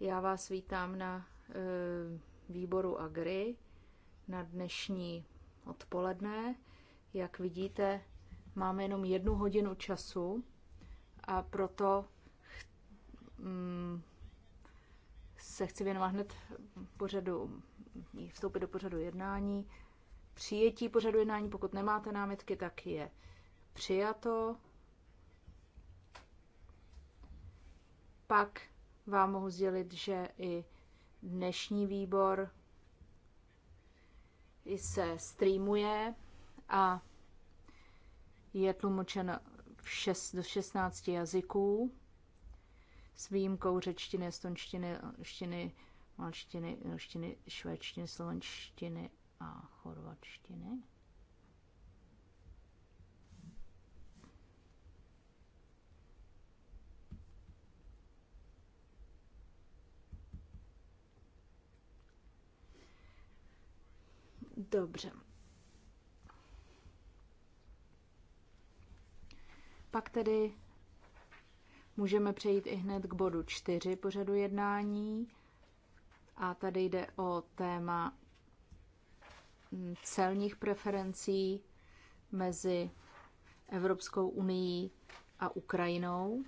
Já vás vítám na eh, výboru Agri na dnešní odpoledne. Jak vidíte, máme jenom jednu hodinu času a proto mm, se chci věnovat hned pořadu, vstoupit do pořadu jednání. Přijetí pořadu jednání, pokud nemáte námitky, tak je přijato. Pak vám mohu sdělit, že i dnešní výbor se streamuje a je tlumočen v šest, do 16 jazyků s výjimkou řečtiny, estonštiny, štiny, malštiny, štiny, švédštiny, slovenštiny a chorvatštiny. Dobře. Pak tedy můžeme přejít i hned k bodu 4 pořadu jednání. A tady jde o téma mm, celních preferencí mezi Evropskou unii a Ukrajinou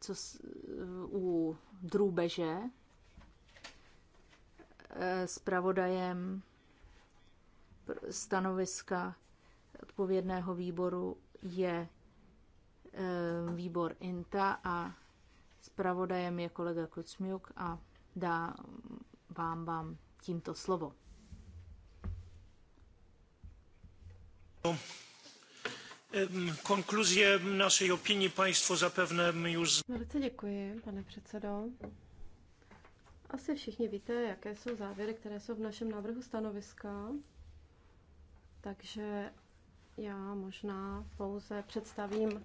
co s, u drůbeže Eh, zpravodajem stanoviska odpovědného výboru je eh, výbor INTA a zpravodajem je kolega Kucmiuk a dá vám, vám tímto slovo. Konkluzie naší opinii Państwo zapewne już... Velice děkuji, pane předsedo. Asi všichni víte, jaké jsou závěry, které jsou v našem návrhu stanoviska, takže já možná pouze představím e,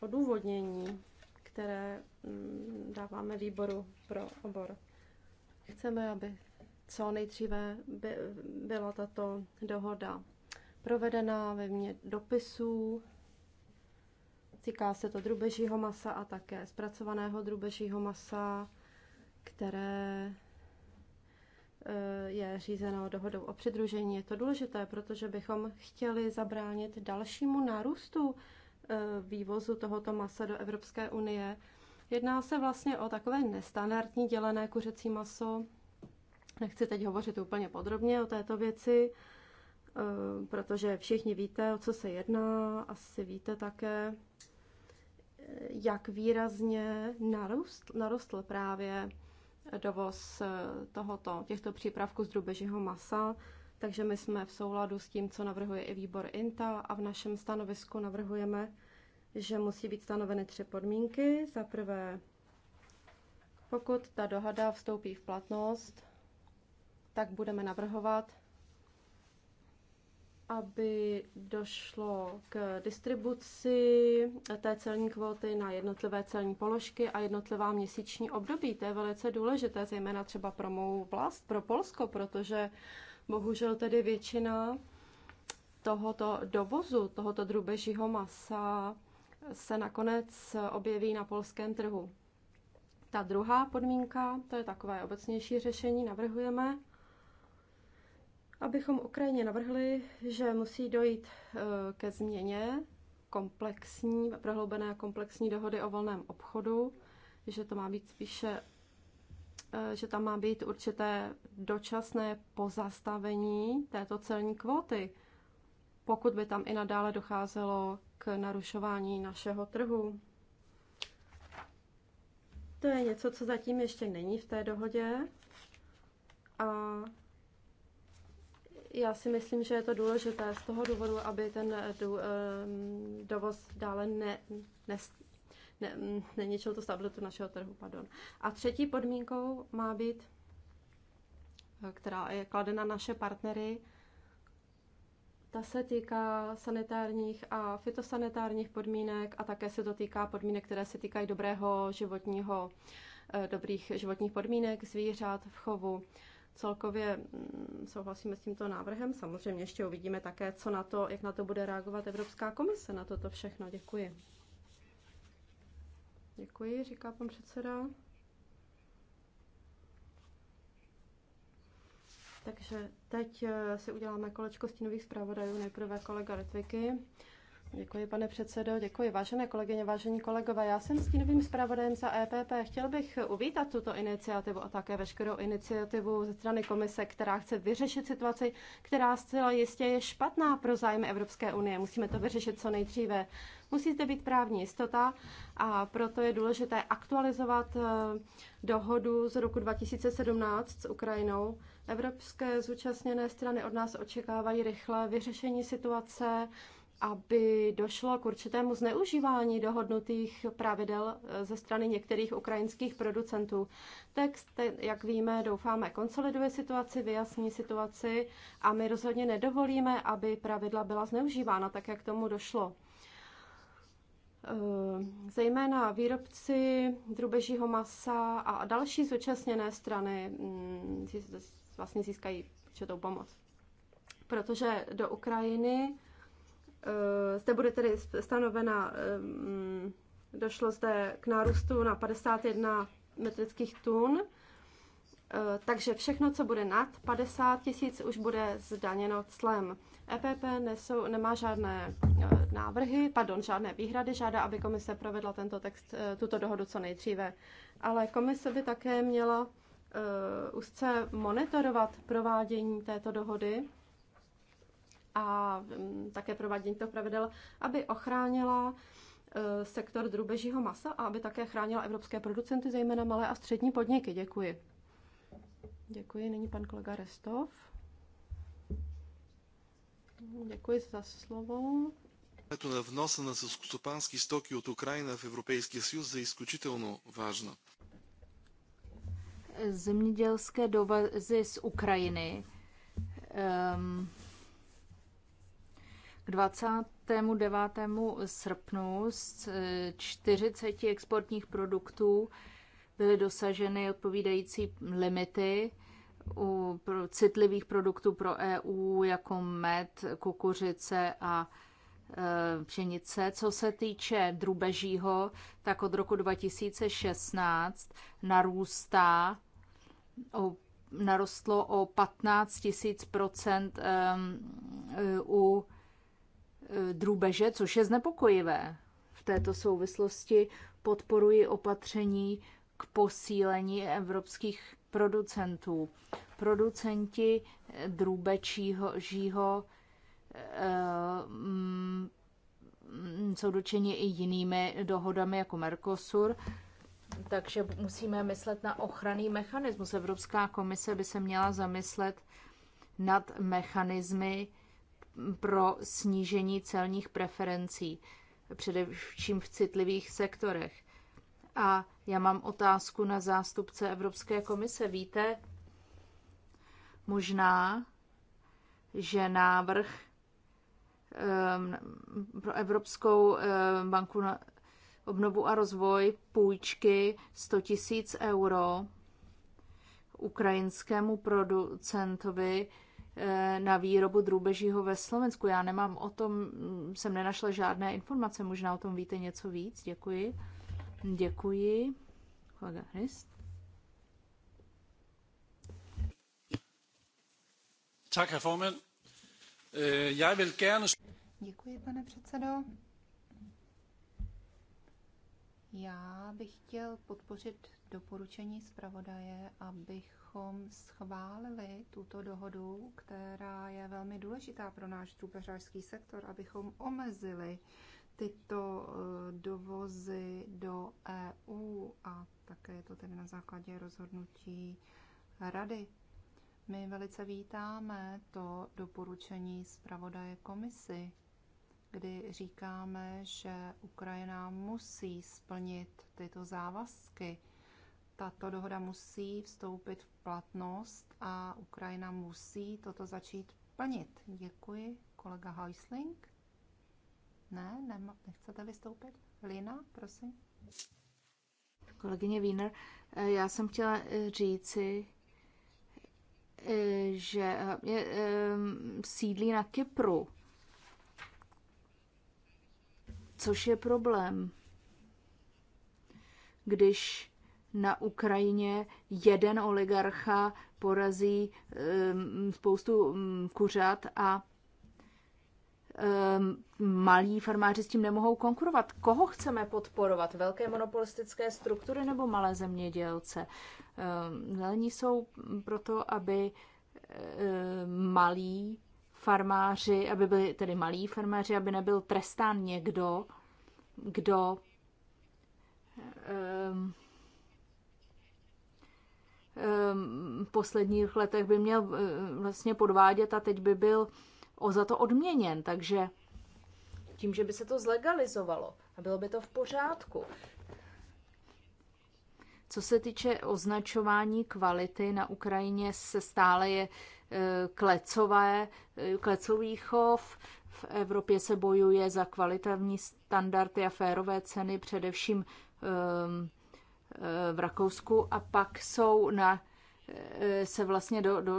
odůvodnění, které mm, dáváme výboru pro obor. Chceme, aby co nejdříve by, byla tato dohoda provedena ve mně dopisů. Týká se to drubežího masa a také zpracovaného drubežího masa které eh, je řízeno dohodou o přidružení. Je to důležité, protože bychom chtěli zabránit dalšímu nárůstu eh, vývozu tohoto masa do Evropské unie. Jedná se vlastně o takové nestandardní dělené kuřecí maso. Nechci teď hovořit úplně podrobně o této věci, eh, protože všichni víte, o co se jedná, asi víte také, jak výrazně narostl, narostl právě dovoz eh, tohoto, těchto přípravků z drubežího masa, takže my jsme v souladu s tím, co navrhuje i výbor INTA a v našem stanovisku navrhujeme, že musí být stanoveny tři podmínky. Za prvé, pokud ta dohada vstoupí v platnost, tak budeme navrhovat, aby došlo k distribuci té celní kvóty na jednotlivé celní položky a jednotlivá měsíční období. To je velice důležité, zejména třeba pro mou vlast, pro Polsko, protože bohužel tedy většina tohoto dovozu, tohoto drubežího masa se nakonec objeví na polském trhu. Ta druhá podmínka, to je takové obecnější řešení, navrhujeme, abychom Ukrajině navrhli, že musí dojít e, ke změně komplexní, prohloubené komplexní dohody o volném obchodu, že to má být spíše, e, že tam má být určité dočasné pozastavení této celní kvóty, pokud by tam i nadále docházelo k narušování našeho trhu. To je něco, co zatím ještě není v té dohodě a já si myslím, že je to důležité z toho důvodu, aby ten eh, eh, dovoz dále ne, ne, ne, neničil tu stabilitu našeho trhu. Pardon. A třetí podmínkou má být, eh, která je kladena naše partnery, ta se týká sanitárních a fitosanitárních podmínek a také se to týká podmínek, které se týkají dobrého životního, dobrých životních podmínek zvířat v chovu. Celkově mm, souhlasíme s tímto návrhem. Samozřejmě ještě uvidíme také, co na to, jak na to bude reagovat Evropská komise na toto všechno. Děkuji. Děkuji, říká pan předseda. Takže teď eh, si uděláme kolečko stínových zpravodajů. Nejprve kolega Litviky. Děkuji, pane předsedo, děkuji. Vážené kolegyně, vážení kolegové, já jsem stínovým zpravodajem za EPP. Chtěl bych uvítat tuto iniciativu a také veškerou iniciativu ze strany komise, která chce vyřešit situaci, která zcela jistě je špatná pro zájmy Evropské unie. Musíme to vyřešit co nejdříve. Musí zde být právní jistota a proto je důležité aktualizovat eh, dohodu z roku 2017 s Ukrajinou. Evropské zúčastněné strany od nás očekávají rychlé vyřešení situace, aby došlo k určitému zneužívání dohodnutých pravidel eh, ze strany některých ukrajinských producentů. Text, eh, jak víme, doufáme, konsoliduje situaci, vyjasní situaci a my rozhodně nedovolíme, aby pravidla byla zneužívána, tak jak tomu došlo. Eh, zejména výrobci drubežího masa a další zúčastněné strany mm, vlastně získají určitou pomoc. Protože do Ukrajiny Eh, zde bude tedy stanovena, ehm, došlo zde k nárůstu na 51 metrických tun, eh, takže všechno, co bude nad 50 tisíc, už bude zdaněno clem. EPP nesou, nemá žádné eh, návrhy, pardon, žádné výhrady, žádá, aby komise provedla tento text, tuto dohodu co nejdříve. Ale komise by také měla úzce monitorovat provádění této dohody a mm, také provádění toho pravidel, aby ochránila e, sektor drubežího masa a aby také chránila evropské producenty, zejména malé a střední podniky. Děkuji. Děkuji. Nyní pan kolega Restov. Děkuji za slovo. Времето на вноса на селскостопански стоки от Украина в Европейския съюз е изключително важно. Zemědělské dovazy z Ukrajiny um, k 29. srpnu z 40 eh, exportních produktů byly dosaženy odpovídající limity u citlivých produktů pro EU, jako med, kukuřice a eh, pšenice. Co se týče drubežího, tak od roku 2016 narůstá o, narostlo o 15 000 u Eh, drůbeže, což je znepokojivé. V této souvislosti podporuji opatření k posílení evropských producentů. Producenti eh, drůbečího žího eh, mm, jsou dočeni i jinými dohodami jako Mercosur, takže musíme myslet na ochranný mechanismus. Evropská komise by se měla zamyslet nad mechanismy pro snížení celních preferencí, především v citlivých sektorech. A já mám otázku na zástupce Evropské komise. Víte, možná, že návrh pro Evropskou banku na obnovu a rozvoj půjčky 100 000 euro ukrajinskému producentovi Eh, na výrobu drůbežího ve Slovensku. Já nemám o tom, mm, jsem nenašla žádné informace, možná o tom víte něco víc. Děkuji. Děkuji. Kolega Hrist. Tak, herr Formen. Eh, Já vil gerne... Děkuji, pane předsedo. Já bych chtěl podpořit doporučení zpravodaje, abych abychom schválili tuto dohodu, která je velmi důležitá pro náš drůbeřářský sektor, abychom omezili tyto eh, dovozy do EU a také je to tedy na základě rozhodnutí Rady. My velice vítáme to doporučení zpravodaje komisy, kdy říkáme, že Ukrajina musí splnit tyto závazky tato dohoda musí vstoupit v platnost a Ukrajina musí toto začít plnit. Děkuji, kolega Heusling. Ne, ne, nechcete vystoupit? Lina, prosím. Kolegyně Wiener, eh, já jsem chtěla eh, říci, eh, že je, ehm, sídlí na Kypru, což je problém. Když na Ukrajině jeden oligarcha porazí spoustu kuřat a malí farmáři s tím nemohou konkurovat. Koho chceme podporovat? Velké monopolistické struktury nebo malé zemědělce? Zelení jsou proto, aby malí farmáři, aby byli tedy malí farmáři, aby nebyl trestán někdo, kdo um, Ehm, posledních letech by měl eh, vlastně podvádět a teď by byl o za to odměněn. Takže tím, že by se to zlegalizovalo a bylo by to v pořádku. Co se týče označování kvality na Ukrajině, se stále je eh, klecové, eh, klecový chov. V Evropě se bojuje za kvalitavní standardy a férové ceny, především um, Eh, v Rakousku a pak jsou na eh, se vlastně do, do,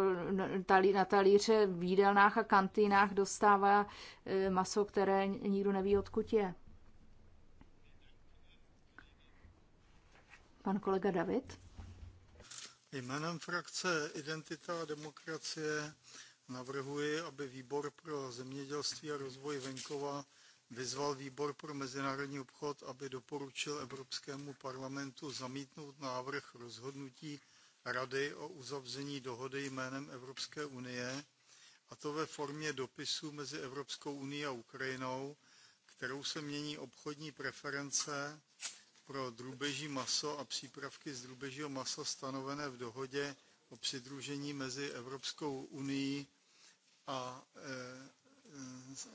na talíře v jídelnách a kantýnách dostává eh, maso, které nikdo neví, odkud je. Pan kolega David. Jménem frakce Identita a demokracie navrhuji, aby výbor pro zemědělství a rozvoj venkova vyzval výbor pro mezinárodní obchod, aby doporučil Evropskému parlamentu zamítnout návrh rozhodnutí Rady o uzavření dohody jménem Evropské unie, a to ve formě dopisu mezi Evropskou unii a Ukrajinou, kterou se mění obchodní preference pro drůbeží maso a přípravky z drůbežího masa stanovené v dohodě o přidružení mezi Evropskou unii a e, e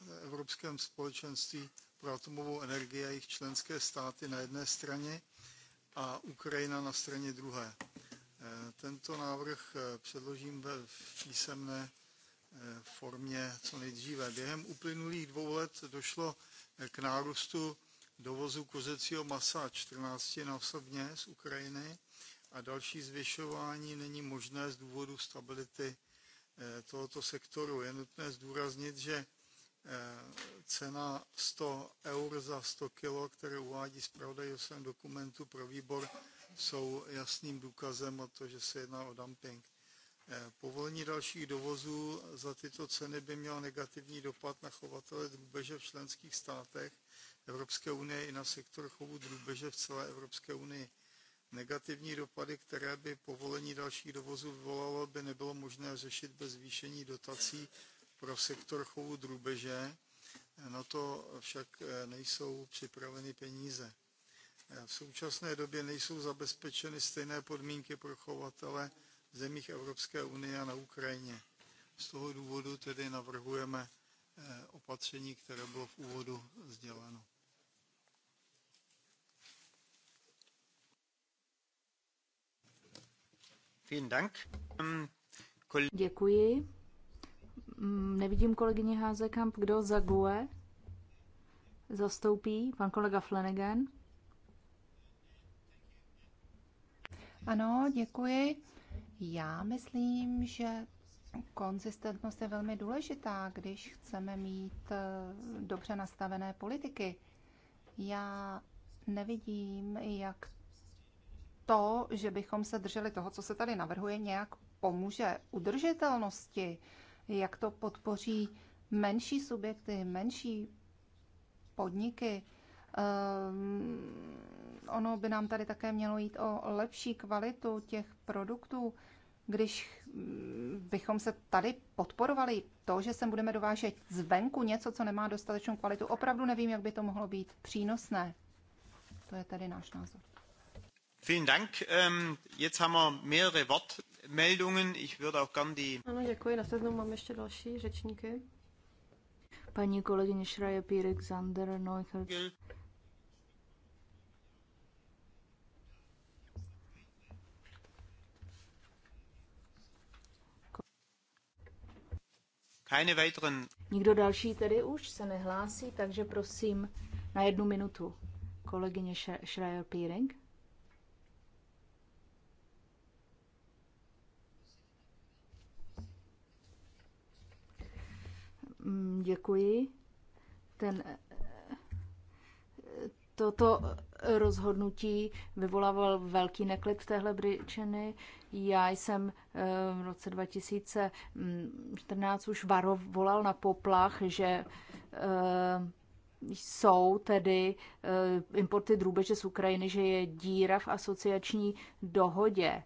v Evropském společenství pro atomovou energii a jejich členské státy na jedné straně a Ukrajina na straně druhé. E, tento návrh e, předložím ve písemné e, formě co nejdříve. Během uplynulých dvou let došlo k nárůstu dovozu kozecího masa 14 násobně z Ukrajiny a další zvyšování není možné z důvodu stability tohoto sektoru. Je nutné zdůraznit, že Eh, cena 100 eur za 100 kg, které uvádí zpravodaj ve svém dokumentu pro výbor, jsou jasným důkazem o to, že se jedná o dumping. Eh, povolení dalších dovozů za tyto ceny by mělo negativní dopad na chovatele drůbeže v členských státech Evropské unie i na sektor chovu drůbeže v celé Evropské unii. Negativní dopady, které by povolení dalších dovozů vyvolalo, by nebylo možné řešit bez zvýšení dotací pro sektor chovu drůbeže. Na to však eh, nejsou připraveny peníze. Eh, v současné době nejsou zabezpečeny stejné podmínky pro chovatele v zemích Evropské unie a na Ukrajině. Z toho důvodu tedy navrhujeme eh, opatření, které bylo v úvodu sděleno. Dank. Ähm, Děkuji. Mm, nevidím kolegyně Házekamp, kdo za GUE zastoupí, pan kolega Flanagan. Ano, děkuji. Já myslím, že konzistentnost je velmi důležitá, když chceme mít eh, dobře nastavené politiky. Já nevidím, jak to, že bychom se drželi toho, co se tady navrhuje, nějak pomůže udržitelnosti jak to podpoří menší subjekty, menší podniky. Ehm, ono by nám tady také mělo jít o lepší kvalitu těch produktů. Když mm, bychom se tady podporovali to, že sem budeme dovážet zvenku něco, co nemá dostatečnou kvalitu, opravdu nevím, jak by to mohlo být přínosné. To je tady náš názor. Vielen Dank. Ähm, jetzt haben wir mehrere Wortmeldungen. Ich würde auch gern die... Ano, děkuji. Na seznamu mám ještě další řečníky. Paní kolegyně Šraje Pírek, Zander, Neuchert. Keine weiteren... Nikdo další tedy už se nehlásí, takže prosím na jednu minutu kolegyně Schreier-Píring. Mm, děkuji. Ten, eh, toto rozhodnutí vyvolával velký neklid téhle Britčiny. Já jsem eh, v roce 2014 už varov, volal na poplach, že eh, jsou tedy importy drůbeže z Ukrajiny, že je díra v asociační dohodě.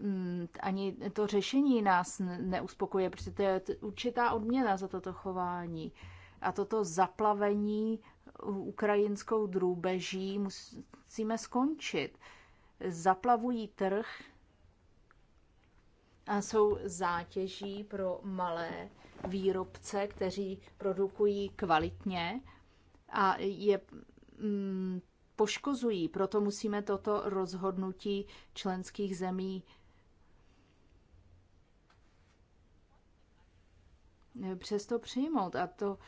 Mm, ani to řešení nás neuspokuje, protože to je určitá odměna za toto chování. A toto zaplavení ukrajinskou drůbeží musíme skončit. Zaplavují trh a jsou zátěží pro malé výrobce, kteří produkují kvalitně a je mm, poškozují. Proto musíme toto rozhodnutí členských zemí eh, přesto přijmout. A to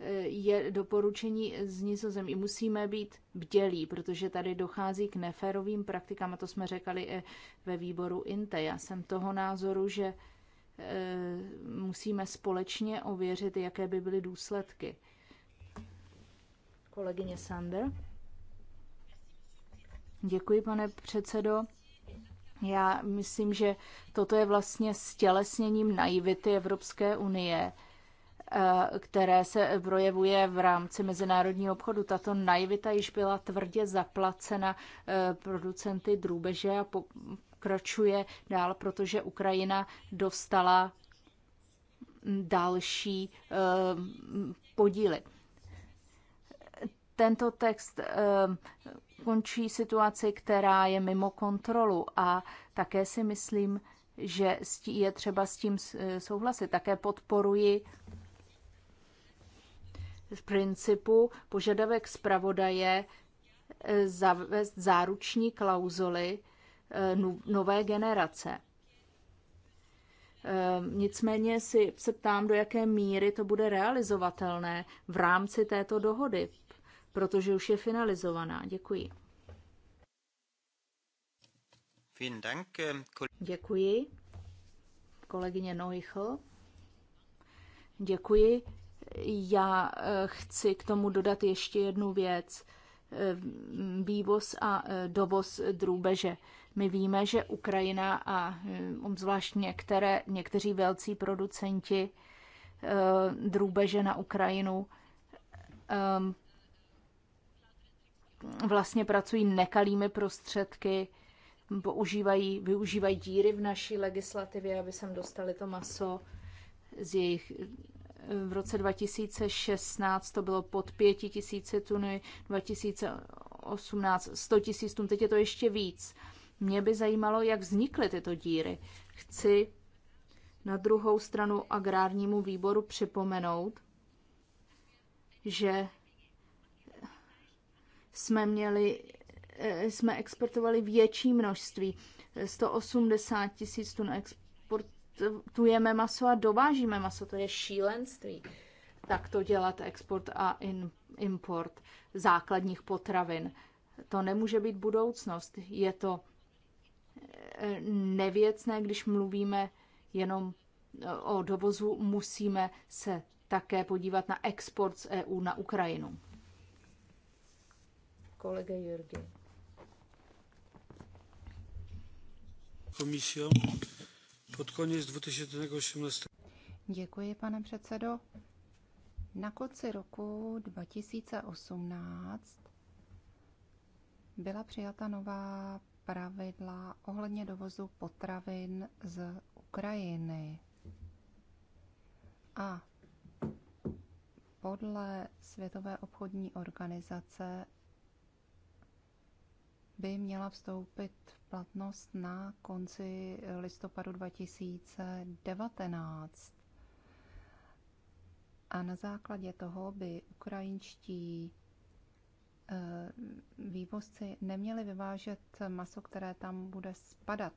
eh, je doporučení z nizozemí. Musíme být bdělí, protože tady dochází k neférovým praktikám, a to jsme řekali eh, ve výboru INTE. Já jsem toho názoru, že musíme společně ověřit, jaké by byly důsledky. Kolegyně Sander. Děkuji, pane předsedo. Já myslím, že toto je vlastně stělesněním naivity Evropské unie, eh, které se projevuje v rámci mezinárodního obchodu. Tato naivita již byla tvrdě zaplacena eh, producenty drůbeže a pokračuje dál, protože Ukrajina dostala další eh, podíly. Tento text končí situaci, která je mimo kontrolu a také si myslím, že je třeba s tím souhlasit. Také podporuji v principu požadavek zpravodaje eh, zavést záruční klauzuly eh, nové generace. Ehm, nicméně si se ptám, do jaké míry to bude realizovatelné v rámci této dohody, protože už je finalizovaná. Děkuji. Eh, Děkuji. Kolegyně Neuchl. Děkuji. Já eh, chci k tomu dodat ještě jednu věc. Eh, vývoz a dovoz drůbeže. My víme, že Ukrajina a obzvlášť některé, někteří velcí producenti drůbeže na Ukrajinu vlastně pracují nekalými prostředky, používají, využívají díry v naší legislativě, aby sem dostali to maso z jejich v roce 2016 to bylo pod 5 tisíce tuny, 2018 100 tisíc tun, teď je to ještě víc. Mě by zajímalo, jak vznikly tyto díry. Chci na druhou stranu agrárnímu výboru připomenout, že jsme měli, eh, jsme exportovali větší množství, 180 tisíc tun exportujeme maso a dovážíme maso, to je šílenství. Tak to dělat export a in, import základních potravin. To nemůže být budoucnost. Je to eh, nevěcné, když mluvíme jenom eh, o dovozu, musíme se také podívat na export z EU na Ukrajinu kolega Jürgen. Komisio pod konec 2018. Děkuji, pane předsedo. Na konci roku 2018 byla přijata nová pravidla ohledně dovozu potravin z Ukrajiny. A podle Světové obchodní organizace by měla vstoupit v platnost na konci listopadu 2019. A na základě toho by ukrajinští eh, vývozci neměli vyvážet maso, které tam bude spadat.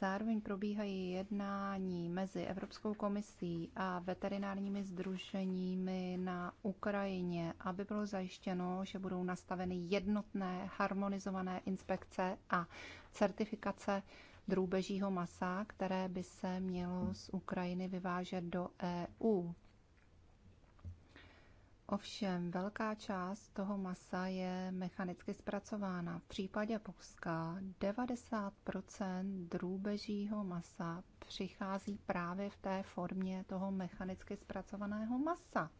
Zároveň probíhají jednání mezi Evropskou komisí a veterinárními združeními na Ukrajině, aby bylo zajištěno, že budou nastaveny jednotné harmonizované inspekce a certifikace drůbežího masa, které by se mělo z Ukrajiny vyvážet do EU. Ovšem velká část toho masa je mechanicky zpracována. V případě Polska 90 drůbežího masa přichází právě v té formě toho mechanicky zpracovaného masa.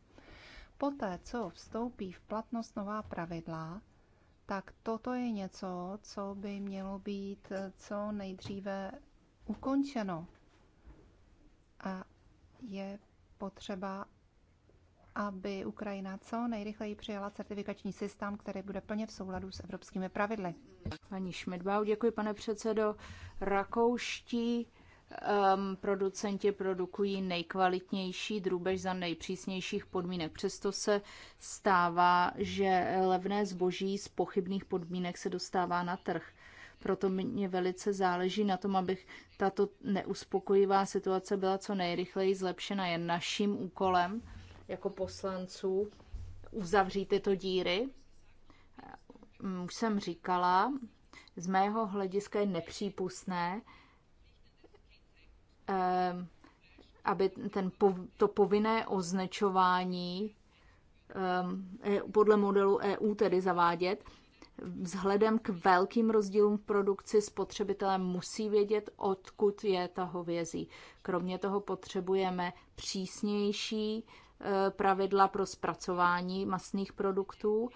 Poté, co vstoupí v platnost nová pravidla, tak toto je něco, co by mělo být co nejdříve ukončeno. A je potřeba, aby Ukrajina co nejrychleji přijala certifikační systém, který bude plně v souladu s evropskými pravidly. Paní Šmedbau, děkuji pane předsedo. Rakouští um, producenti produkují nejkvalitnější drůbež za nejpřísnějších podmínek. Přesto se stává, že levné zboží z pochybných podmínek se dostává na trh. Proto mě velice záleží na tom, abych tato neuspokojivá situace byla co nejrychleji zlepšena. Je naším úkolem jako poslanců uzavřít tyto díry. Mm, už jsem říkala, z mého hlediska je nepřípustné, ehm, aby ten, to povinné označování ehm, e, podle modelu EU tedy zavádět. Vzhledem k velkým rozdílům v produkci spotřebitelé musí vědět, odkud je ta hovězí. Kromě toho potřebujeme přísnější Eh, pravidla pro zpracování masných produktů,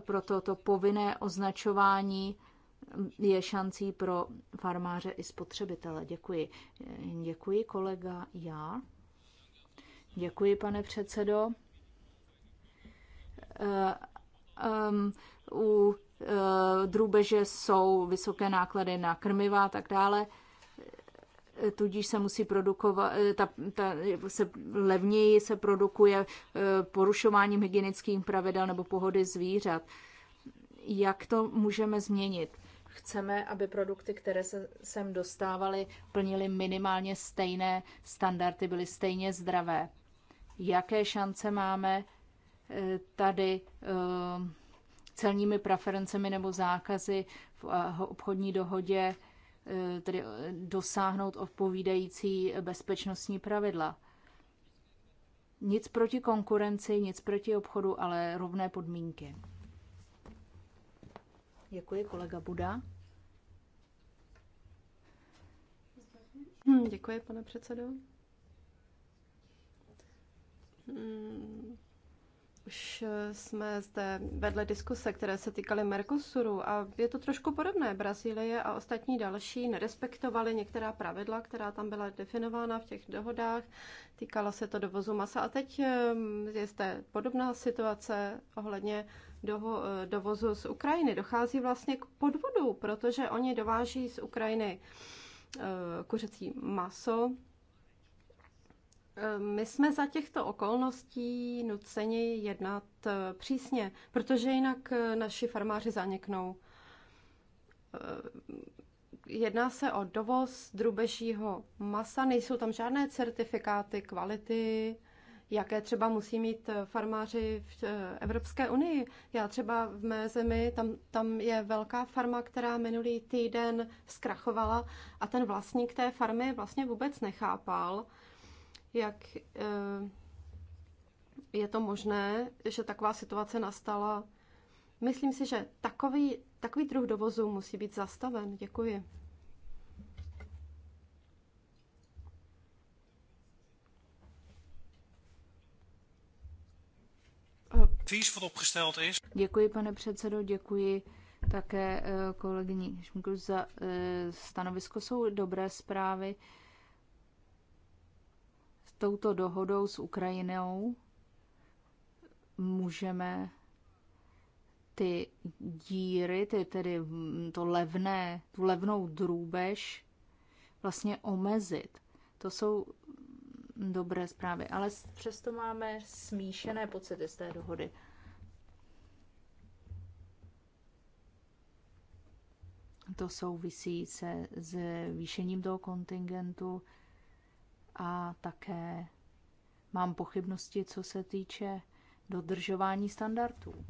proto to povinné označování je šancí pro farmáře i spotřebitele. Děkuji. Eh, děkuji, kolega. Já. Děkuji, pane předsedo. Eh, u drůbeže jsou vysoké náklady na krmiva a tak dále tudíž se musí produkovat, eh, ta, ta, se levněji se produkuje eh, porušováním hygienických pravidel nebo pohody zvířat. Jak to můžeme změnit? Chceme, aby produkty, které se sem dostávaly, plnily minimálně stejné standardy, byly stejně zdravé. Jaké šance máme eh, tady celními preferencemi nebo zákazy v obchodní dohodě Eh, tedy eh, dosáhnout odpovídající bezpečnostní pravidla. Nic proti konkurenci, nic proti obchodu, ale rovné podmínky. Děkuji, kolega Buda. Hm, děkuji, pane předsedo. Hm, už eh, jsme zde vedli diskuse, které se týkaly Mercosuru a je to trošku podobné. Brazílie a ostatní další nerespektovali některá pravidla, která tam byla definována v těch dohodách. Týkalo se to dovozu masa a teď eh, je zde podobná situace ohledně doho- eh, dovozu z Ukrajiny. Dochází vlastně k podvodu, protože oni dováží z Ukrajiny kuřecí maso, my jsme za těchto okolností nuceni jednat eh, přísně, protože jinak eh, naši farmáři zaniknou. Eh, jedná se o dovoz drubežího masa, nejsou tam žádné certifikáty kvality, jaké třeba musí mít farmáři v Evropské unii. Já třeba v mé zemi, tam, tam je velká farma, která minulý týden zkrachovala a ten vlastník té farmy vlastně vůbec nechápal, jak eh, je to možné, že taková situace nastala. Myslím si, že takový, takový druh dovozu musí být zastaven. Děkuji. Děkuji, pane předsedo, děkuji také eh, kolegyni Šmikl za eh, stanovisko. Jsou dobré zprávy touto dohodou s Ukrajinou můžeme ty díry, ty tedy to levné, tu levnou drůbež vlastně omezit. To jsou dobré zprávy, ale přesto máme smíšené pocity z té dohody. To souvisí se zvýšením toho kontingentu, a také mám pochybnosti, co se týče dodržování standardů.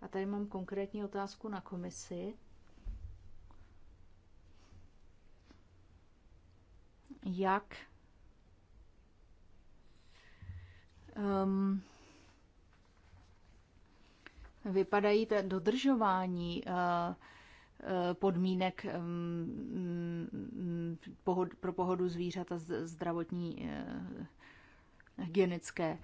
A tady mám konkrétní otázku na komisi. Jak um, vypadají ta dodržování uh, Eh, podmínek pro pohodu zvířat a zdravotní eh, hygienické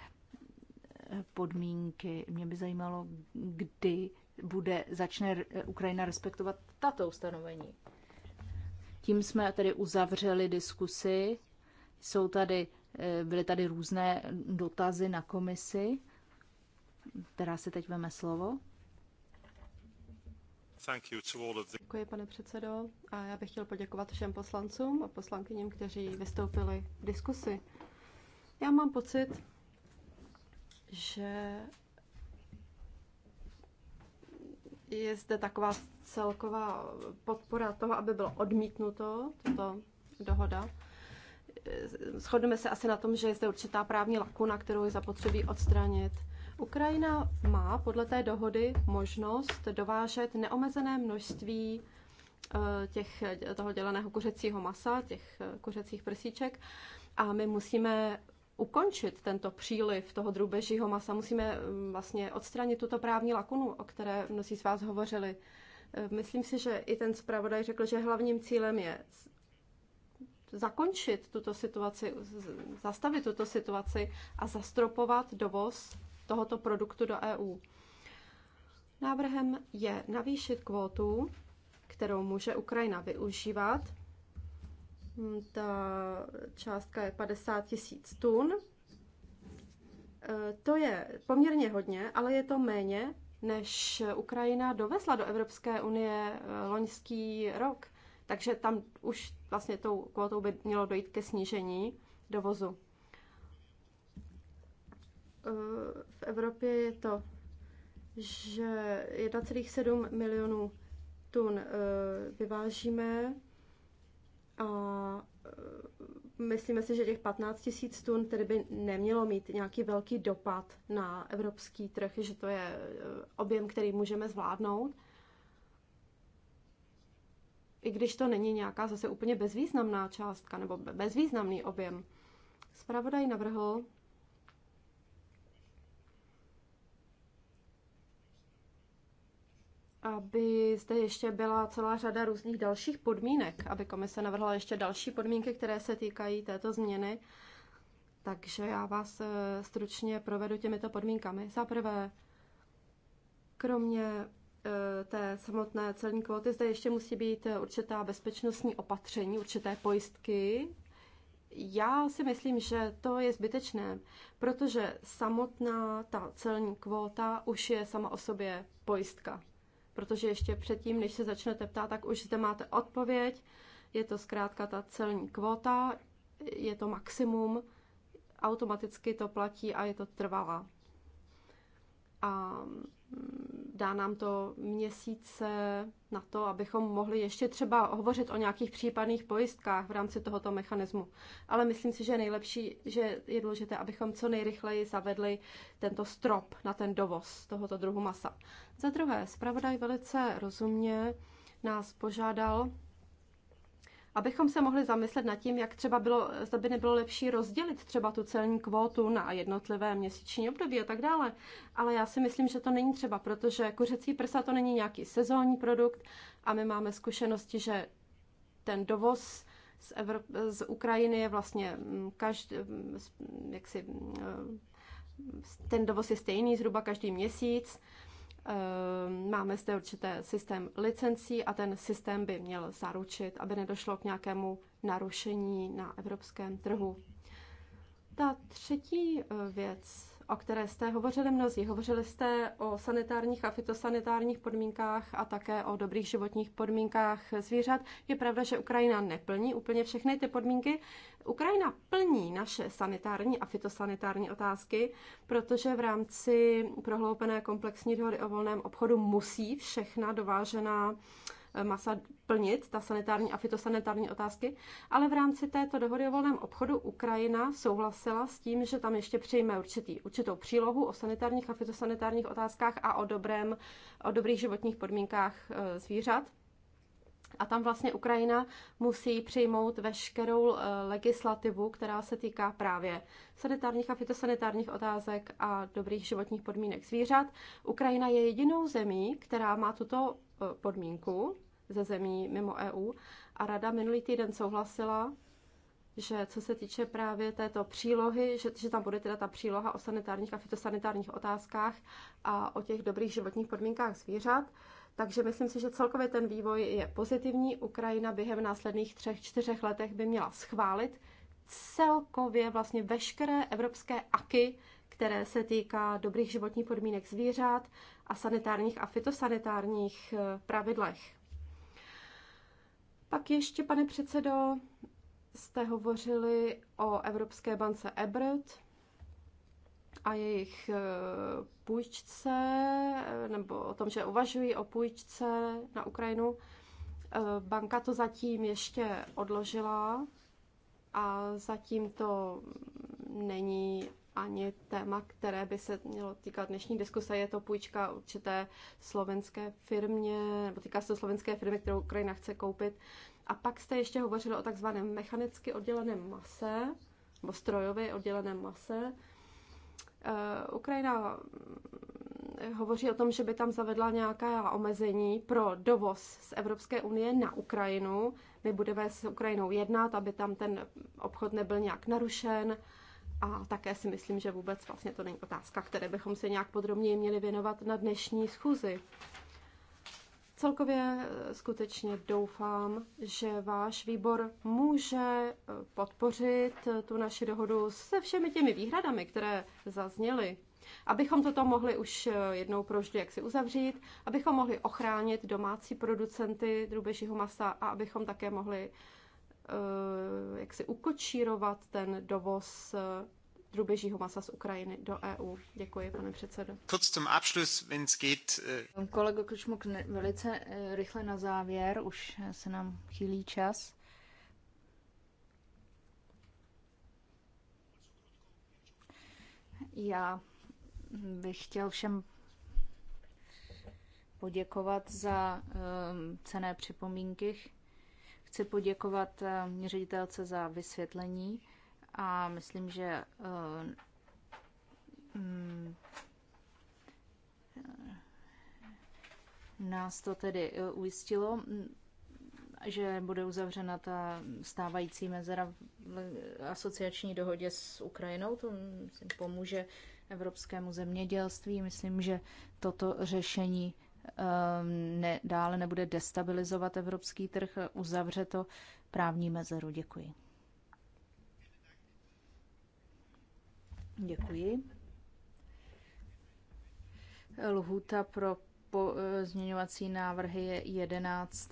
eh, podmínky. Mě by zajímalo, kdy bude, začne Ukrajina respektovat tato ustanovení. Tím jsme tedy uzavřeli diskusy. Jsou tady, byly tady různé dotazy na komisi, která se teď veme slovo. Děkuji, pane předsedo, a já bych chtěl poděkovat všem poslancům a poslankyním, kteří vystoupili v diskusi. Já mám pocit, že je zde taková celková podpora toho, aby bylo odmítnuto tato dohoda. Shodneme se asi na tom, že je zde určitá právní lakuna, kterou je zapotřebí odstranit. Ukrajina má podle té dohody možnost dovážet neomezené množství eh, těch, toho děleného kuřecího masa, těch eh, kuřecích prsíček a my musíme ukončit tento příliv toho drůbežího masa, musíme eh, vlastně odstranit tuto právní lakunu, o které mnozí z vás hovořili. Myslím si, že i ten zpravodaj řekl, že hlavním cílem je zakončit tuto situaci, zastavit tuto situaci a zastropovat dovoz tohoto produktu do EU. Návrhem je navýšit kvótu, kterou může Ukrajina využívat. Hmm, ta částka je 50 tisíc tun. E, to je poměrně hodně, ale je to méně, než Ukrajina dovezla do Evropské unie e, loňský rok. Takže tam už vlastně tou kvotou by mělo dojít ke snížení dovozu v Evropě je to, že 1,7 milionů tun eh, vyvážíme a eh, myslíme si, že těch 15 tisíc tun tedy by nemělo mít nějaký velký dopad na evropský trh, že to je eh, objem, který můžeme zvládnout. I když to není nějaká zase úplně bezvýznamná částka nebo bezvýznamný objem. Spravodaj navrhl, aby zde ještě byla celá řada různých dalších podmínek, aby komise navrhla ještě další podmínky, které se týkají této změny. Takže já vás eh, stručně provedu těmito podmínkami. Za prvé, kromě eh, té samotné celní kvóty zde ještě musí být eh, určitá bezpečnostní opatření, určité pojistky. Já si myslím, že to je zbytečné, protože samotná ta celní kvóta už je sama o sobě pojistka protože ještě předtím, než se začnete ptát, tak už zde máte odpověď. Je to zkrátka ta celní kvota, je to maximum, automaticky to platí a je to trvalá. A mm, dá nám to měsíce na to, abychom mohli ještě třeba hovořit o nějakých případných pojistkách v rámci tohoto mechanismu. Ale myslím si, že je nejlepší, že je důležité, abychom co nejrychleji zavedli tento strop na ten dovoz tohoto druhu masa. Za druhé, zpravodaj velice rozumně nás požádal abychom se mohli zamyslet nad tím, jak třeba bylo, zda by nebylo lepší rozdělit třeba tu celní kvótu na jednotlivé měsíční období a tak dále. Ale já si myslím, že to není třeba, protože kuřecí prsa to není nějaký sezónní produkt a my máme zkušenosti, že ten dovoz z, Evro- z Ukrajiny je vlastně mm, každý, mm, jaksi, mm, ten dovoz je stejný zhruba každý měsíc Ehm, máme zde určité systém licencí a ten systém by měl zaručit, aby nedošlo k nějakému narušení na evropském trhu. Ta třetí eh, věc, o které jste hovořili mnozí. Hovořili jste o sanitárních a fitosanitárních podmínkách a také o dobrých životních podmínkách zvířat. Je pravda, že Ukrajina neplní úplně všechny ty podmínky. Ukrajina plní naše sanitární a fitosanitární otázky, protože v rámci prohloupené komplexní dohody o volném obchodu musí všechna dovážená Eh, masa plnit, ta sanitární a fitosanitární otázky, ale v rámci této dohody o volném obchodu Ukrajina souhlasila s tím, že tam ještě přijme určitý, určitou přílohu o sanitárních a fitosanitárních otázkách a o, dobrém, o dobrých životních podmínkách eh, zvířat. A tam vlastně Ukrajina musí přijmout veškerou eh, legislativu, která se týká právě sanitárních a fitosanitárních otázek a dobrých životních podmínek zvířat. Ukrajina je jedinou zemí, která má tuto podmínku ze zemí mimo EU a rada minulý týden souhlasila, že co se týče právě této přílohy, že, že tam bude teda ta příloha o sanitárních a fitosanitárních otázkách a o těch dobrých životních podmínkách zvířat, takže myslím si, že celkově ten vývoj je pozitivní. Ukrajina během následných třech, čtyřech letech by měla schválit celkově vlastně veškeré evropské aky, které se týká dobrých životních podmínek zvířat, a sanitárních a fitosanitárních eh, pravidlech. Pak ještě, pane předsedo, jste hovořili o Evropské bance EBRD a jejich eh, půjčce, eh, nebo o tom, že uvažují o půjčce na Ukrajinu. Banka to zatím ještě odložila a zatím to není ani téma, které by se mělo týkat dnešní diskuse. Je to půjčka určité slovenské firmě, nebo týká se to slovenské firmy, kterou Ukrajina chce koupit. A pak jste ještě hovořili o takzvaném mechanicky odděleném mase, nebo strojově odděleném mase. Eh, Ukrajina mm, hovoří o tom, že by tam zavedla nějaká omezení pro dovoz z Evropské unie na Ukrajinu. My budeme s Ukrajinou jednat, aby tam ten obchod nebyl nějak narušen a také si myslím, že vůbec vlastně to není otázka, které bychom se nějak podrobněji měli věnovat na dnešní schůzi. Celkově e, skutečně doufám, že váš výbor může e, podpořit e, tu naši dohodu se všemi těmi výhradami, které zazněly. Abychom toto mohli už jednou proždy jaksi uzavřít, abychom mohli ochránit domácí producenty drůbežího masa a abychom také mohli Eh, jak si ukočírovat ten dovoz eh, drubežího masa z Ukrajiny do EU. Děkuji, pane předsedo. Kurz zum Abschluss, wenn's geht. Eh, Kolego Kručmuk, velice rychle na závěr, už se nám chýlí čas. Já bych chtěl všem poděkovat za um, cené připomínky Chci poděkovat eh, ředitelce za vysvětlení a myslím, že eh, mm, nás to tedy eh, ujistilo, mm, že bude uzavřena ta stávající mezera v asociační dohodě s Ukrajinou. To myslím, pomůže evropskému zemědělství. Myslím, že toto řešení Ehm, ne, dále nebude destabilizovat evropský trh, uzavře to právní mezeru. Děkuji. Děkuji. Lhuta pro eh, změňovací návrhy je 11.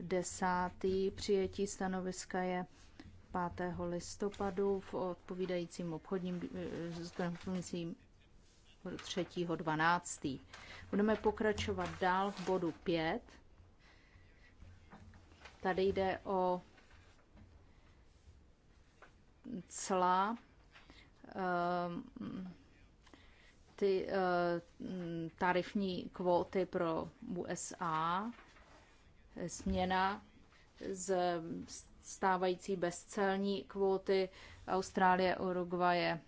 10. Přijetí stanoviska je 5. listopadu v odpovídajícím obchodním eh, 3.12. Budeme pokračovat dál v bodu 5. Tady jde o cla, eh, ty eh, tarifní kvóty pro USA, změna z stávající bezcelní kvóty Austrálie, Uruguaje,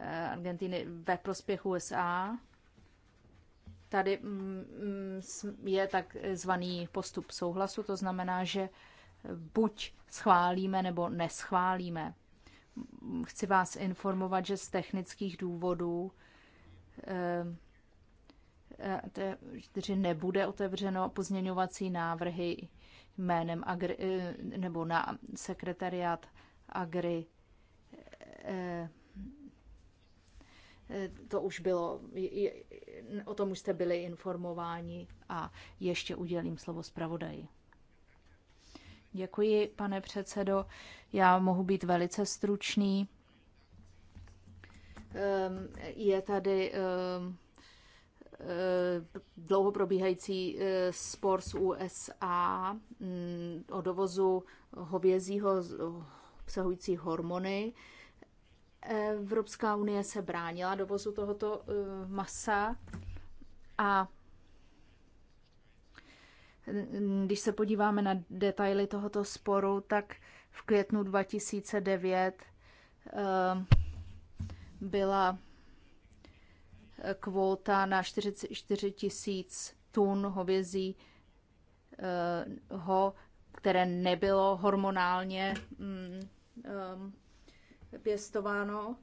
Eh, Argentiny ve prospěch USA. Tady mm, mm, je takzvaný postup souhlasu, to znamená, že buď schválíme nebo neschválíme. Chci vás informovat, že z technických důvodů eh, eh, nebude otevřeno pozměňovací návrhy jménem Agri, nebo na sekretariát Agri to už bylo, o tom už jste byli informováni a ještě udělím slovo zpravodaji. Děkuji, pane předsedo. Já mohu být velice stručný. Ehm, je tady ehm, ehm, dlouho probíhající eh, spor z USA mm, o dovozu hovězího obsahující hormony. Evropská unie se bránila dovozu tohoto eh, masa a když se podíváme na detaily tohoto sporu, tak v květnu 2009 eh, byla eh, kvóta na 44 tisíc tun hovězí které nebylo hormonálně mm, pěstováno,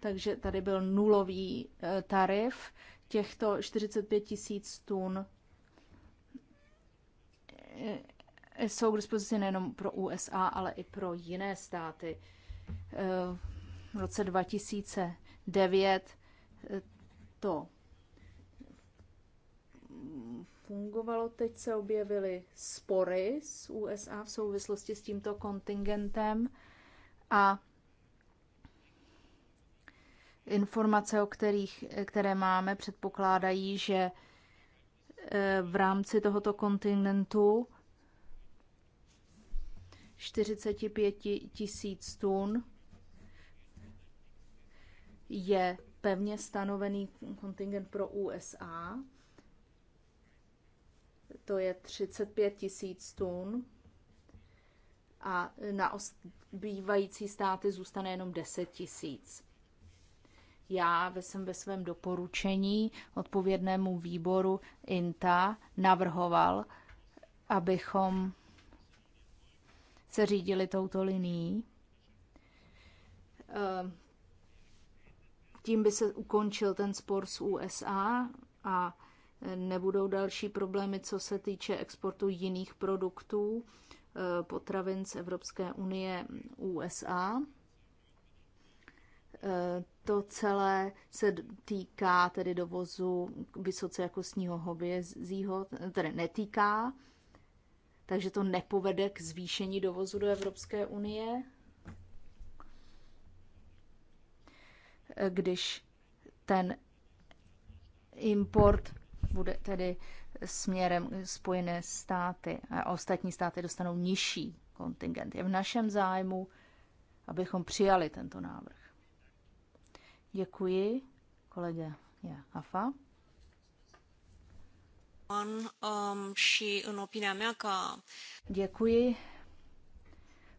takže tady byl nulový eh, tarif těchto 45 tisíc tun eh, jsou k dispozici nejenom pro USA, ale i pro jiné státy. Eh, v roce 2009 to fungovalo. Teď se objevily spory z USA v souvislosti s tímto kontingentem a Informace, o kterých, které máme, předpokládají, že eh, v rámci tohoto kontinentu 45 tisíc tun je pevně stanovený kontingent pro USA. To je 35 tisíc tun a na bývající státy zůstane jenom 10 tisíc. Já jsem ve svém doporučení odpovědnému výboru INTA navrhoval, abychom se řídili touto linií. Ehm, tím by se ukončil ten spor s USA a nebudou další problémy, co se týče exportu jiných produktů, eh, potravin z Evropské unie USA. Eh, to celé se týká tedy dovozu vysoce jakostního hovězího, tedy netýká, takže to nepovede k zvýšení dovozu do Evropské unie. Když ten import bude tedy směrem Spojené státy a ostatní státy dostanou nižší kontingent. Je v našem zájmu, abychom přijali tento návrh. Děkuji, kolega Jahafa. Um, Děkuji.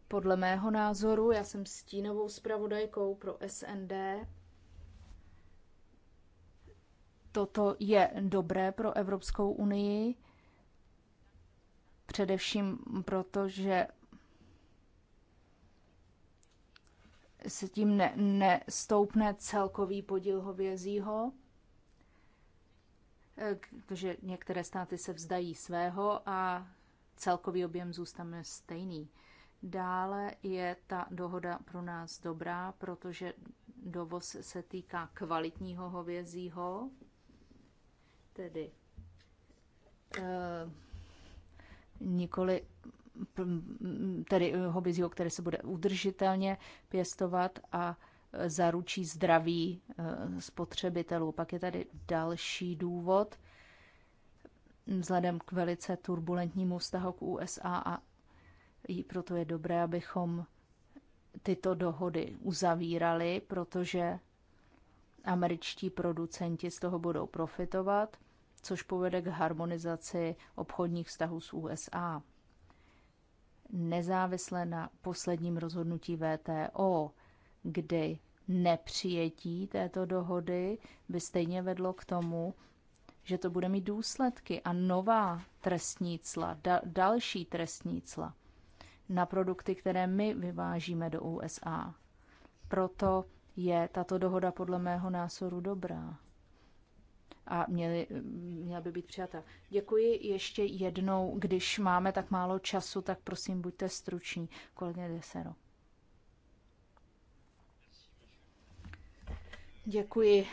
Podle mého názoru, já jsem stínovou zpravodajkou pro SND. Toto je dobré pro Evropskou unii, především proto, že se tím ne, nestoupne celkový podíl hovězího, eh, protože některé státy se vzdají svého a celkový objem zůstane stejný. Dále je ta dohoda pro nás dobrá, protože dovoz se týká kvalitního hovězího, tedy e, nikoli tedy eh, hobizího, které se bude udržitelně pěstovat a eh, zaručí zdraví eh, spotřebitelů. Pak je tady další důvod, vzhledem k velice turbulentnímu vztahu k USA a i proto je dobré, abychom tyto dohody uzavírali, protože američtí producenti z toho budou profitovat, což povede k harmonizaci obchodních vztahů s USA nezávisle na posledním rozhodnutí VTO, kdy nepřijetí této dohody by stejně vedlo k tomu, že to bude mít důsledky a nová trestní cla, da, další trestní cla na produkty, které my vyvážíme do USA. Proto je tato dohoda podle mého názoru dobrá a měly, měla by být přijata. Děkuji ještě jednou, když máme tak málo času, tak prosím buďte struční, kolegyně Desero. Děkuji.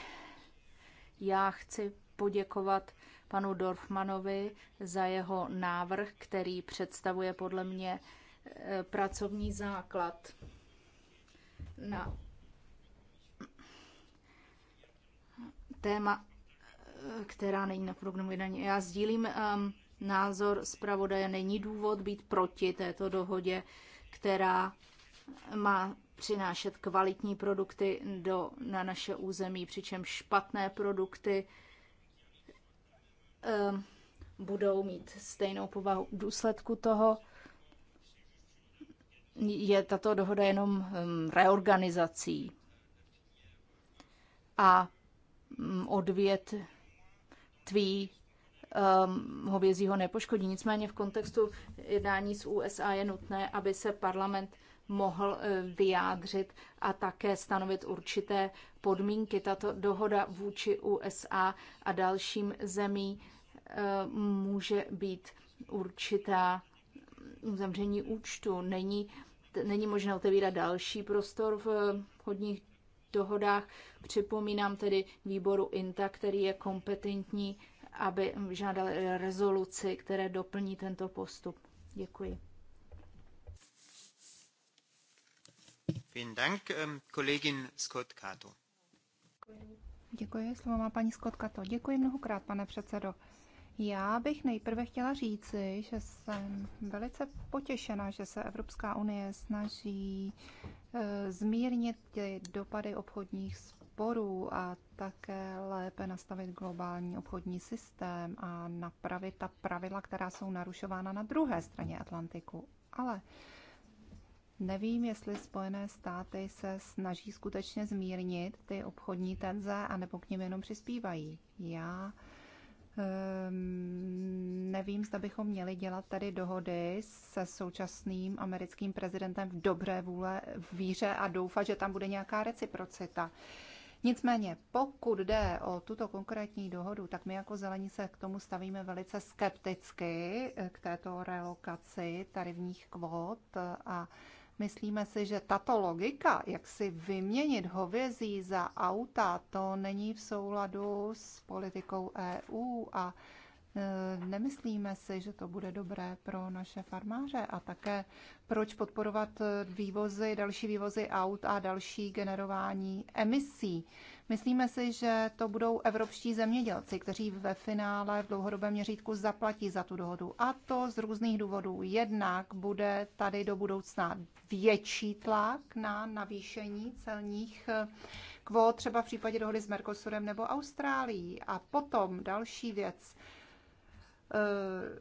Já chci poděkovat panu Dorfmanovi za jeho návrh, který představuje podle mě e, pracovní základ na téma která není na programu jednání. Já sdílím um, názor zpravodaje, není důvod být proti této dohodě, která má přinášet kvalitní produkty do, na naše území, přičemž špatné produkty um, budou mít stejnou povahu. V důsledku toho je tato dohoda jenom um, reorganizací a um, odvět mrtví um, hovězího nepoškodí. Nicméně v kontextu jednání s USA je nutné, aby se parlament mohl eh, vyjádřit a také stanovit určité podmínky. Tato dohoda vůči USA a dalším zemí eh, může být určitá uzavření mm, účtu. Není, není možné otevírat další prostor v chodních eh, dohodách. Připomínám tedy výboru INTA, který je kompetentní, aby žádal rezoluci, které doplní tento postup. Děkuji. Dank, ähm, Scott Kato. Děkuji, slovo má paní Skotka. To Děkuji mnohokrát, pane předsedo. Já bych nejprve chtěla říci, že jsem velice potěšena, že se Evropská unie snaží eh, zmírnit ty dopady obchodních sporů a také lépe nastavit globální obchodní systém a napravit ta pravidla, která jsou narušována na druhé straně Atlantiku. Ale nevím, jestli Spojené státy se snaží skutečně zmírnit ty obchodní tenze, anebo k ním jenom přispívají. Já Ehm, nevím, zda bychom měli dělat tady dohody se současným americkým prezidentem v dobré vůle, v víře a doufat, že tam bude nějaká reciprocita. Nicméně, pokud jde o tuto konkrétní dohodu, tak my jako zelení se k tomu stavíme velice skepticky eh, k této relokaci tarifních kvót eh, a Myslíme si, že tato logika, jak si vyměnit hovězí za auta, to není v souladu s politikou EU a E, nemyslíme si, že to bude dobré pro naše farmáře a také proč podporovat vývozy, další vývozy aut a další generování emisí. Myslíme si, že to budou evropští zemědělci, kteří ve finále v dlouhodobém měřítku zaplatí za tu dohodu. A to z různých důvodů. Jednak bude tady do budoucna větší tlak na navýšení celních e, kvót, třeba v případě dohody s Mercosurem nebo Austrálií. A potom další věc Eh,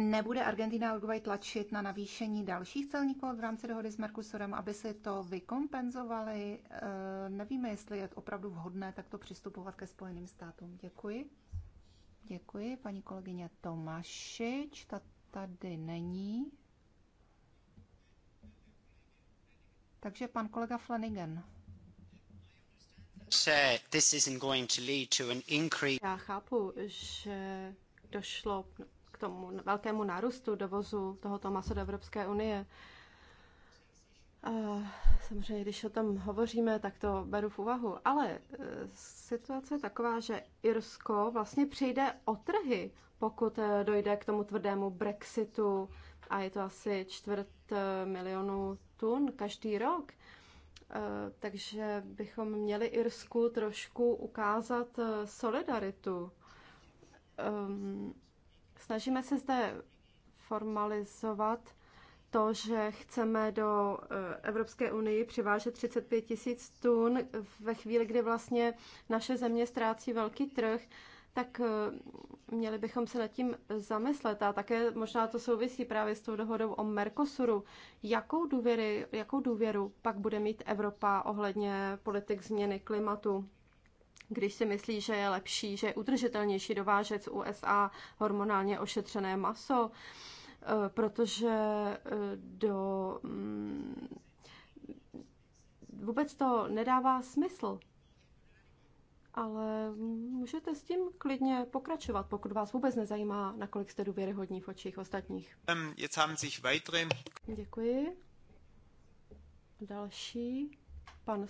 nebude Argentina a Uruguay tlačit na navýšení dalších celníků v rámci dohody s Mercosurem, aby si to vykompenzovali? Eh, nevíme, jestli je opravdu vhodné takto přistupovat ke Spojeným státům. Děkuji. Děkuji. Paní kolegyně Tomašič, ta tady není. Takže pan kolega Flanagan. Já chápu, že došlo k tomu velkému nárůstu dovozu tohoto masa do Evropské unie. A samozřejmě, když o tom hovoříme, tak to beru v úvahu. Ale e, situace je taková, že Irsko vlastně přijde o trhy, pokud e, dojde k tomu tvrdému Brexitu a je to asi čtvrt e, milionu tun každý rok. Eh, takže bychom měli Irsku trošku ukázat eh, solidaritu. Ehm, snažíme se zde formalizovat to, že chceme do eh, Evropské unii přivážet 35 tisíc tun ve chvíli, kdy vlastně naše země ztrácí velký trh, tak Měli bychom se nad tím zamyslet a také možná to souvisí právě s tou dohodou o Mercosuru. Jakou, důvěry, jakou důvěru pak bude mít Evropa ohledně politik změny klimatu? když si myslí, že je lepší, že je udržitelnější dovážet z USA hormonálně ošetřené maso, eh, protože eh, do... Mm, vůbec to nedává smysl ale můžete s tím klidně pokračovat, pokud vás vůbec nezajímá, nakolik jste důvěryhodní v očích ostatních. Děkuji. Další, pan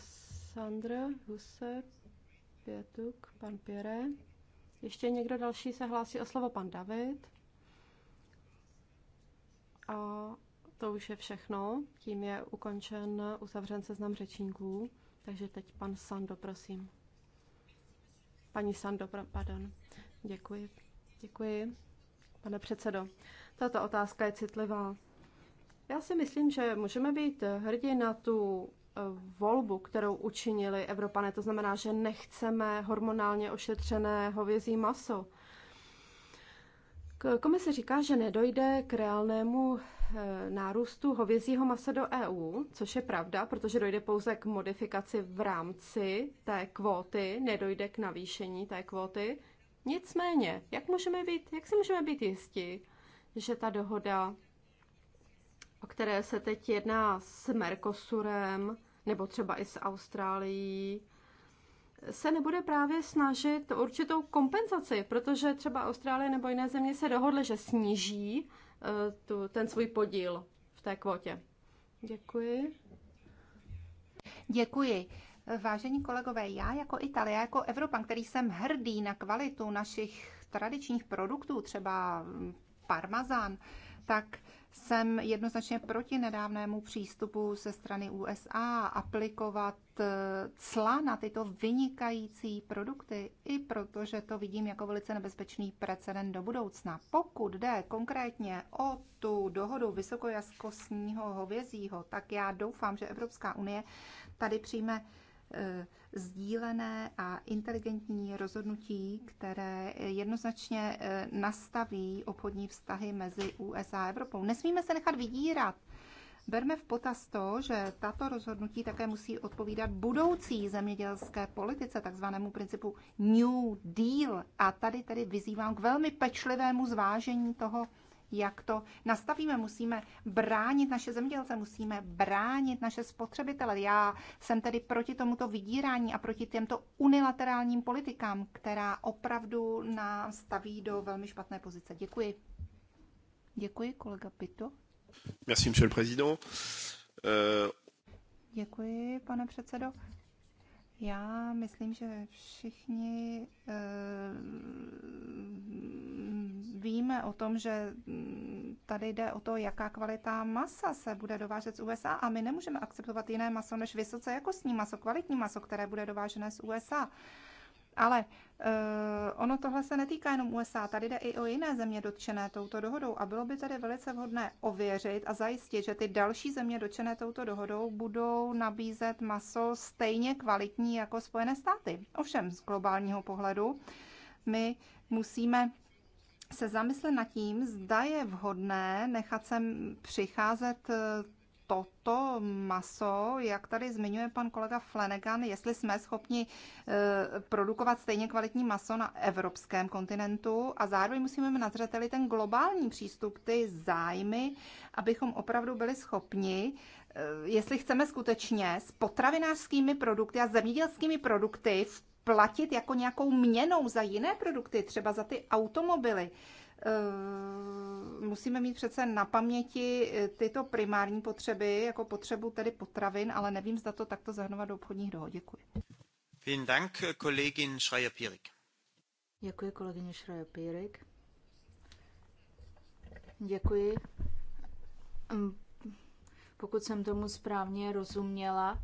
Sandr, Huse, Pětuk, pan Pěre. Ještě někdo další se hlásí o slovo, pan David. A to už je všechno. Tím je ukončen, uzavřen seznam řečníků. Takže teď pan Sando, prosím. Paní Sando, pardon. Děkuji. Děkuji, pane předsedo. Tato otázka je citlivá. Já si myslím, že můžeme být hrdí na tu eh, volbu, kterou učinili Evropané. To znamená, že nechceme hormonálně ošetřené hovězí maso. Komise říká, že nedojde k reálnému eh, nárůstu hovězího masa do EU, což je pravda, protože dojde pouze k modifikaci v rámci té kvóty, nedojde k navýšení té kvóty. Nicméně, jak, můžeme být, jak si můžeme být jisti, že ta dohoda, o které se teď jedná s Mercosurem, nebo třeba i s Austrálií, se nebude právě snažit určitou kompenzaci, protože třeba Austrálie nebo jiné země se dohodly, že sníží eh, tu, ten svůj podíl v té kvotě. Děkuji. Děkuji. Vážení kolegové, já jako Italia, jako Evropan, který jsem hrdý na kvalitu našich tradičních produktů, třeba parmazán, tak jsem jednoznačně proti nedávnému přístupu ze strany USA aplikovat cla na tyto vynikající produkty, i protože to vidím jako velice nebezpečný precedent do budoucna. Pokud jde konkrétně o tu dohodu vysokojaskostního hovězího, tak já doufám, že Evropská unie tady přijme e, sdílené a inteligentní rozhodnutí, které jednoznačně e, nastaví obchodní vztahy mezi USA a Evropou. Nesmíme se nechat vydírat Berme v potaz to, že tato rozhodnutí také musí odpovídat budoucí zemědělské politice, takzvanému principu New Deal. A tady tedy vyzývám k velmi pečlivému zvážení toho, jak to nastavíme. Musíme bránit naše zemědělce, musíme bránit naše spotřebitele. Já jsem tedy proti tomuto vydírání a proti těmto unilaterálním politikám, která opravdu nás staví do velmi špatné pozice. Děkuji. Děkuji, kolega Pito. Merci, M. le président. Euh, Děkuji, pane předsedo. Já myslím, že všichni uh, víme o tom, že tady jde o to, jaká kvalita masa se bude dovážet z USA a my nemůžeme akceptovat jiné maso než vysoce jakostní maso, kvalitní maso, které bude dovážené z USA. Ale Uh, ono tohle se netýká jenom USA, tady jde i o jiné země dotčené touto dohodou a bylo by tedy velice vhodné ověřit a zajistit, že ty další země dotčené touto dohodou budou nabízet maso stejně kvalitní jako Spojené státy. Ovšem z globálního pohledu my musíme se zamyslet nad tím, zda je vhodné nechat sem přicházet eh, toto maso, jak tady zmiňuje pan kolega Flanagan, jestli jsme schopni e, produkovat stejně kvalitní maso na evropském kontinentu a zároveň musíme na zřeteli ten globální přístup, ty zájmy, abychom opravdu byli schopni e, jestli chceme skutečně s potravinářskými produkty a zemědělskými produkty platit jako nějakou měnou za jiné produkty, třeba za ty automobily. Eh, musíme mít přece na paměti eh, tyto primární potřeby, jako potřebu tedy potravin, ale nevím, zda to takto zahrnovat do obchodních dohod. Děkuji. Vielen Dank, eh, kollegin Schreier-Pierik. Děkuji, kolegyně Schreier-Pierik. Děkuji. Mm, pokud jsem tomu správně rozuměla,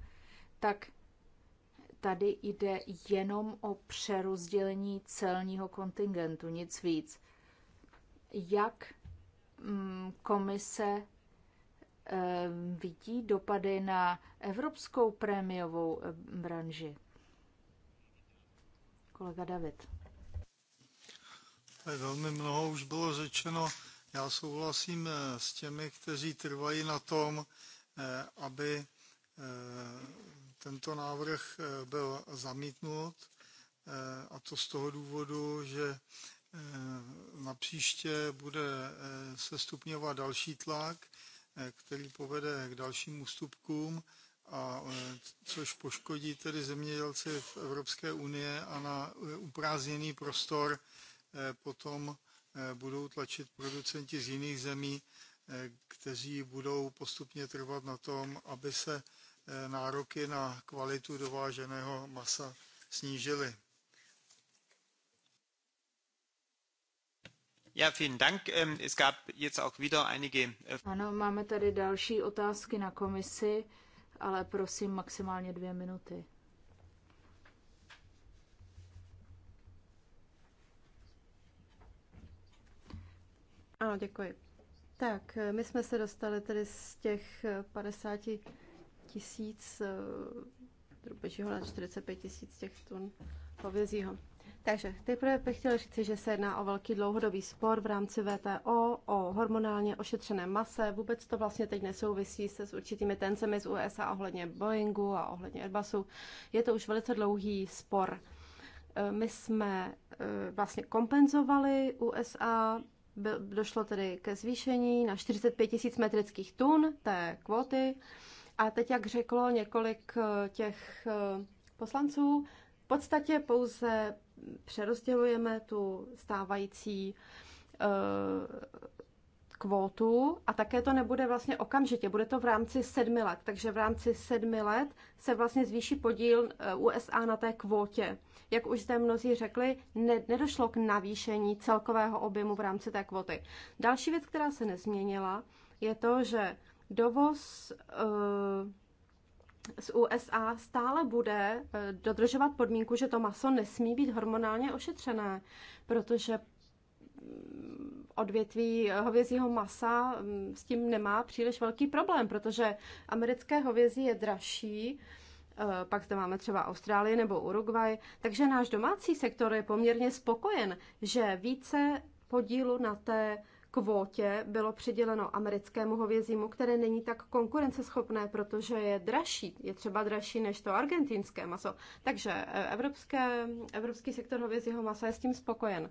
tak tady jde jenom o přerozdělení celního kontingentu, nic víc jak mm, komise eh, vidí dopady na evropskou prémiovou eh, branži. Kolega David. Eh, velmi mnoho už bylo řečeno. Já souhlasím s těmi, kteří trvají na tom, aby tento návrh byl zamítnut. A to z toho důvodu, že Eh, na příště bude eh, se stupňovat další tlak, eh, který povede k dalším ústupkům, a, což poškodí tedy zemědělci v Evropské unie a na uprázněný prostor potom budou tlačit producenti z jiných zemí, kteří budou postupně trvat na tom, aby se nároky na kvalitu dováženého masa snížily. Ja, vielen Dank. Ähm, es gab jetzt auch wieder einige... Äh, ano, máme tady další otázky na komisi, ale prosím maximálně dvě minuty. Ano, děkuji. Tak, eh, my jsme se dostali tedy z těch 50 eh, tisíc eh, drobežího na 45 tisíc těch tun hovězího. Takže nejprve bych chtěla říct, že se jedná o velký dlouhodobý spor v rámci VTO o hormonálně ošetřené mase. Vůbec to vlastně teď nesouvisí se s určitými tencemi z USA ohledně Boeingu a ohledně Airbusu. Je to už velice dlouhý spor. E, my jsme e, vlastně kompenzovali USA, došlo tedy ke zvýšení na 45 tisíc metrických tun té kvóty. A teď, jak řeklo několik e, těch poslanců, v podstatě pouze přerozdělujeme tu stávající eh, kvótu a také to nebude vlastně okamžitě, bude to v rámci sedmi let. Takže v rámci sedmi let se vlastně zvýší podíl eh, USA na té kvótě. Jak už zde mnozí řekli, ne, nedošlo k navýšení celkového objemu v rámci té kvóty. Další věc, která se nezměnila, je to, že dovoz uh, z USA stále bude eh, dodržovat podmínku, že to maso nesmí být hormonálně ošetřené, protože mm, odvětví hovězího masa mm, s tím nemá příliš velký problém, protože americké hovězí je dražší, eh, pak zde máme třeba Austrálii nebo Uruguay, takže náš domácí sektor je poměrně spokojen, že více podílu na té kvótě bylo přiděleno americkému hovězímu, které není tak konkurenceschopné, protože je dražší, je třeba dražší než to argentinské maso. Takže eh, evropské, evropský sektor hovězího masa je s tím spokojen.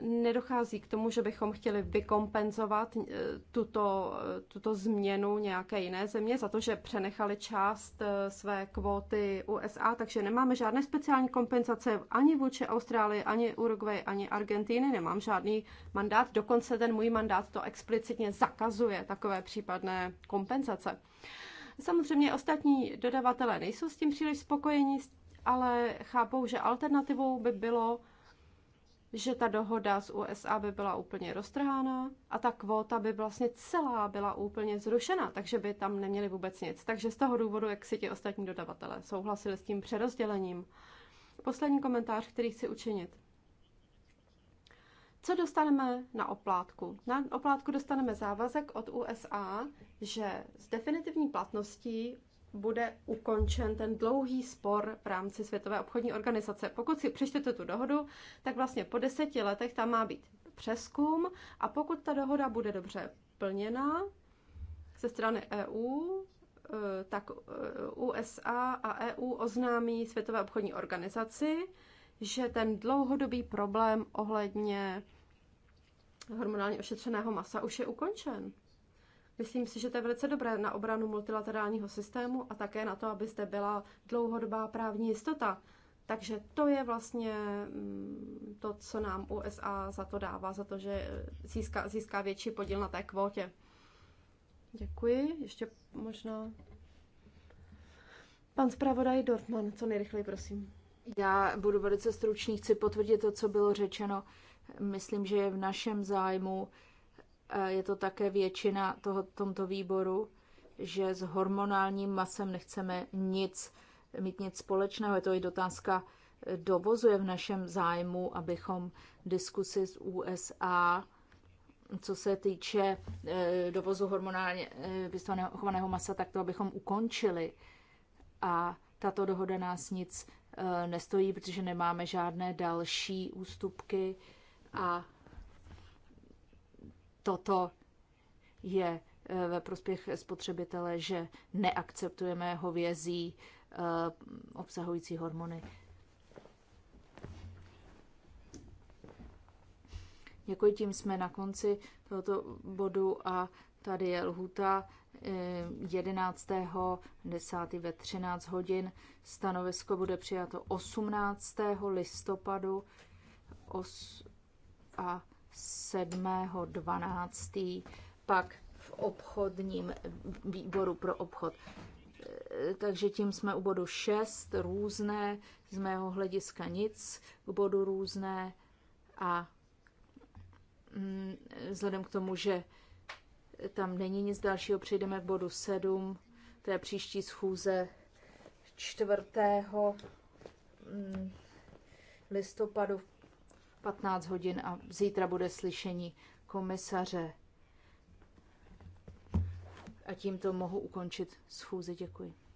Nedochází k tomu, že bychom chtěli vykompenzovat eh, tuto, eh, tuto změnu nějaké jiné země za to, že přenechali část eh, své kvóty USA, takže nemáme žádné speciální kompenzace ani vůči Austrálii, ani Uruguay, ani Argentíny, nemám žádný mandát, dokonce ten můj mandát to explicitně zakazuje, takové případné kompenzace. Samozřejmě ostatní dodavatelé nejsou s tím příliš spokojení, ale chápou, že alternativou by bylo že ta dohoda s USA by byla úplně roztrhána a ta kvóta by vlastně celá byla úplně zrušena, takže by tam neměli vůbec nic. Takže z toho důvodu, jak si ti ostatní dodavatelé souhlasili s tím přerozdělením. Poslední komentář, který chci učinit. Co dostaneme na oplátku? Na oplátku dostaneme závazek od USA, že s definitivní platností bude ukončen ten dlouhý spor v rámci Světové obchodní organizace. Pokud si přečtete tu dohodu, tak vlastně po deseti letech tam má být přeskum a pokud ta dohoda bude dobře plněna ze strany EU, eh, tak eh, USA a EU oznámí Světové obchodní organizaci, že ten dlouhodobý problém ohledně hormonálně ošetřeného masa už je ukončen. Myslím si, že to je velice dobré na obranu multilaterálního systému a také na to, aby zde byla dlouhodobá právní jistota. Takže to je vlastně mm, to, co nám USA za to dává, za to, že eh, získá, získá větší podíl na té kvótě. Děkuji. Ještě možná pan zpravodaj Dortman, co nejrychleji, prosím. Já budu velice stručný, chci potvrdit to, co bylo řečeno. Myslím, že je v našem zájmu je to také většina toho, tomto výboru, že s hormonálním masem nechceme nic, mít nic společného. Je to i dotázka dovozuje v našem zájmu, abychom diskusi z USA, co se týče e, dovozu hormonálně e, vystaveného masa, tak to, abychom ukončili. A tato dohoda nás nic e, nestojí, protože nemáme žádné další ústupky a toto je eh, ve prospěch spotřebitele, že neakceptujeme hovězí eh, obsahující hormony. Děkuji, tím jsme na konci tohoto bodu a tady je lhuta 11. 10. ve 13 hodin. Stanovisko bude přijato 18. listopadu a 7.12. pak v obchodním výboru pro obchod. Takže tím jsme u bodu 6, různé, z mého hlediska nic, k bodu různé a mm, vzhledem k tomu, že tam není nic dalšího, přejdeme k bodu 7, to je příští schůze 4. Mm, listopadu v 15 hodin a zítra bude slyšení komisaře. A tímto mohu ukončit schůzi. Děkuji.